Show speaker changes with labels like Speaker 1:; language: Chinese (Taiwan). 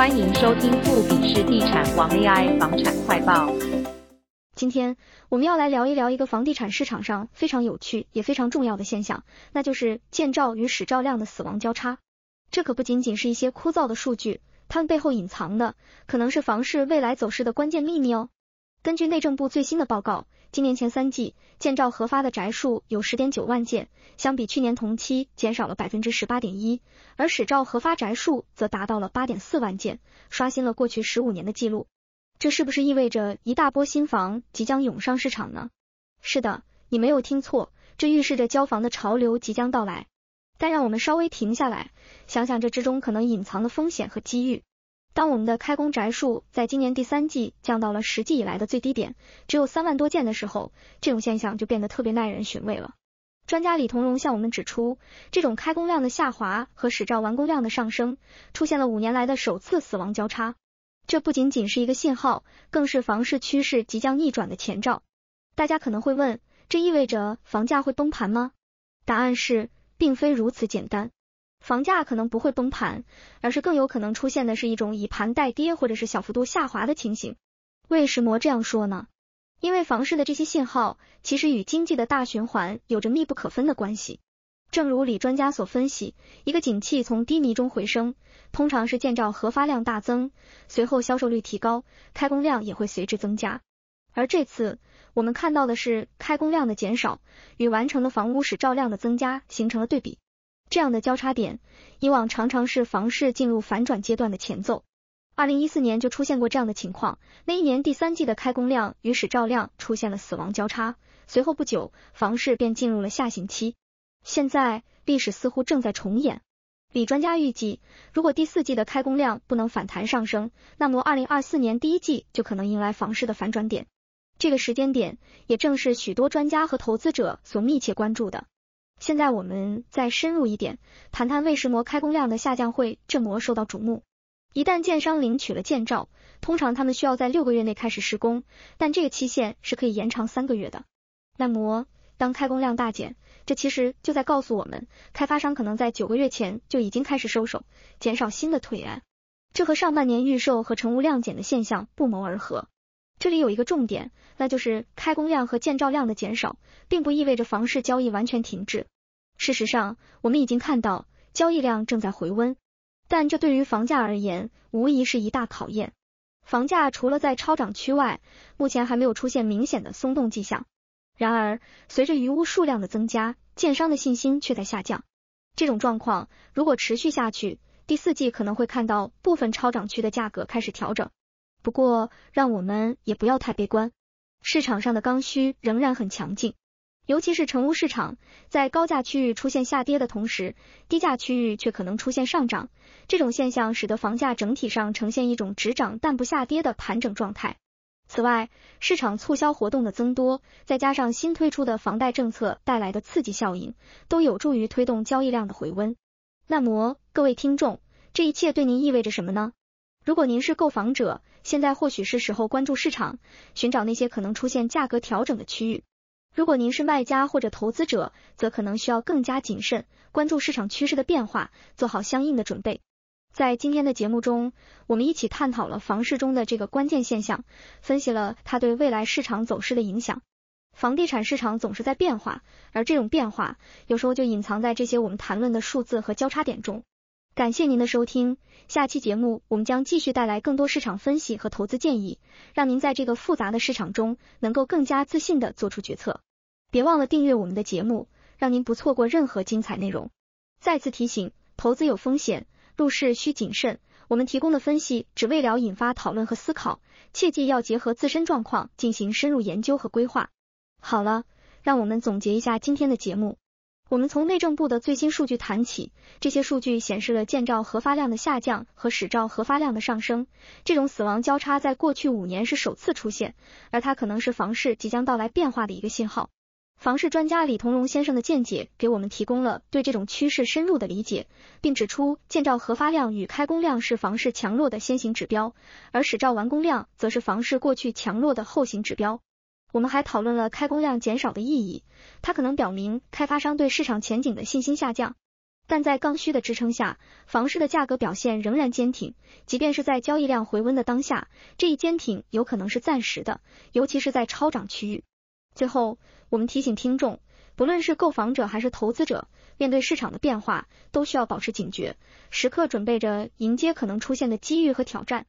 Speaker 1: 歡迎收聽富比士地產王 AI 房產快報。今天我們要來聊一聊一個房地產市場上非常有趣也非常重要的現象，那就是建照與使照量的死亡交叉。這可不僅僅是一些枯燥的數據，它們背後隱藏的可能是房市未來走勢的關鍵祕密哦。根據內政部最新的報告，今年前三季建照核發的宅數有十點九萬件，相比去年同期減少了百分之十八點一，而使照核發宅數則達到了八點四萬件，刷新了過去十五年的記錄。這是不是意味着一大波新房即將湧上市場呢？是的，你沒有聽錯，這預示着交房的潮流即將到來。但讓我們稍微停下來，想想這之中可能隱藏的風險和機遇。當我們的開工宅數在今年第三季降到了十季以來的最低點，只有三萬多件的時候，這種現象就變得特別耐人尋味了。專家李同榮向我們指出，這種開工量的下滑和使照完工量的上升，出現了五年來的首次死亡交叉。這不僅僅是一個信號，更是房市趨勢即將逆轉的前兆。大家可能會問，這意味着房價會崩盤嗎？答案是，並非如此簡單。房價可能不會崩盤，而是更有可能出現的是一種以盤代跌，或者是小幅度下滑的情形。為什麼這樣說呢？因為房市的這些信號其實與經濟的大循環有着密不可分的關係。正如李專家所分析，一個景氣從低迷中回升，通常是建照核發量大增，隨後銷售率提高，開工量也會隨之增加。而這次我們看到的是開工量的減少，與完成的房屋使照量的增加形成了對比。這樣的交叉點，以往常常是房市進入反轉階段的前奏。二零一四年就出現過這樣的情況，那一年第三季的開工量與使照量出現了死亡交叉，隨後不久房市便進入了下行期。現在歷史似乎正在重演。李專家預計，如果第四季的開工量不能反彈上升，那麼二零二四年第一季就可能迎來房市的反轉點。這個時間點，也正是許多專家和投資者所密切關注的。現在我們再深入一點，談談為什麼開工量的下降會這麼受到矚目。一旦建商領取了建照，通常他們需要在六個月內開始施工，但這個期限是可以延長三個月的。那麼，當開工量大減，這其實就在告訴我們，開發商可能在九個月前就已經開始收手，減少新的推案。這和上半年預售和成屋量減的現象不謀而合。這裡有一個重點，那就是開工量和建造量的減少，並不意味着房市交易完全停滯。事實上，我們已經看到交易量正在回溫，但這對於房價而言無疑是一大考驗。房價除了在超漲區外，目前還沒有出現明顯的鬆動跡象。然而，隨着餘屋數量的增加，建商的信心卻在下降。這種狀況如果持續下去，第四季可能會看到部分超漲區的價格開始調整。不過，讓我們也不要太悲觀，市場上的剛需仍然很強勁，尤其是成屋市場，在高價區域出現下跌的同時，低價區域卻可能出現上漲，這種現象使得房價整體上呈現一種只漲但不下跌的盤整狀態。此外，市場促銷活動的增多，再加上新推出的房貸政策帶來的刺激效應，都有助於推動交易量的回溫。那麼，各位聽眾，這一切對您意味着什麼呢？如果您是購房者，現在或許是時候關注市場，尋找那些可能出現價格調整的區域。如果您是賣家或者投資者，則可能需要更加謹慎，關注市場趨勢的變化，做好相應的準備。在今天的節目中，我們一起探討了房市中的這個關鍵現象，分析了它對未來市場走勢的影響。房地產市場總是在變化，而這種變化有時候就隱藏在這些我們談論的數字和交叉點中。感謝您的收聽，下期節目我們將繼續帶來更多市場分析和投資建議，讓您在這個複雜的市場中能夠更加自信地做出決策。別忘了訂閱我們的節目，讓您不錯過任何精彩內容。再次提醒，投資有風險，入市需謹慎。我們提供的分析只為了引發討論和思考，切記要結合自身狀況進行深入研究和規劃。好了，讓我們總結一下今天的節目。我們從內政部的最新數據談起，這些數據顯示了建照核發量的下降和使照核發量的上升，這種死亡交叉在過去五年是首次出現，而它可能是房市即將到來變化的一個信號。房市專家李同榮先生的見解給我們提供了對這種趨勢深入的理解，並指出建照核發量與開工量是房市強弱的先行指標，而使照完工量則是房市過去強弱的後行指標。我們還討論了開工量減少的意義，它可能表明開發商對市場前景的信心下降。但在剛需的支撐下，房市的價格表現仍然堅挺，即便是在交易量回溫的當下，這一堅挺有可能是暫時的，尤其是在超漲區域。最後，我們提醒聽眾，不論是購房者還是投資者，面對市場的變化，都需要保持警覺，時刻準備着迎接可能出現的機遇和挑戰。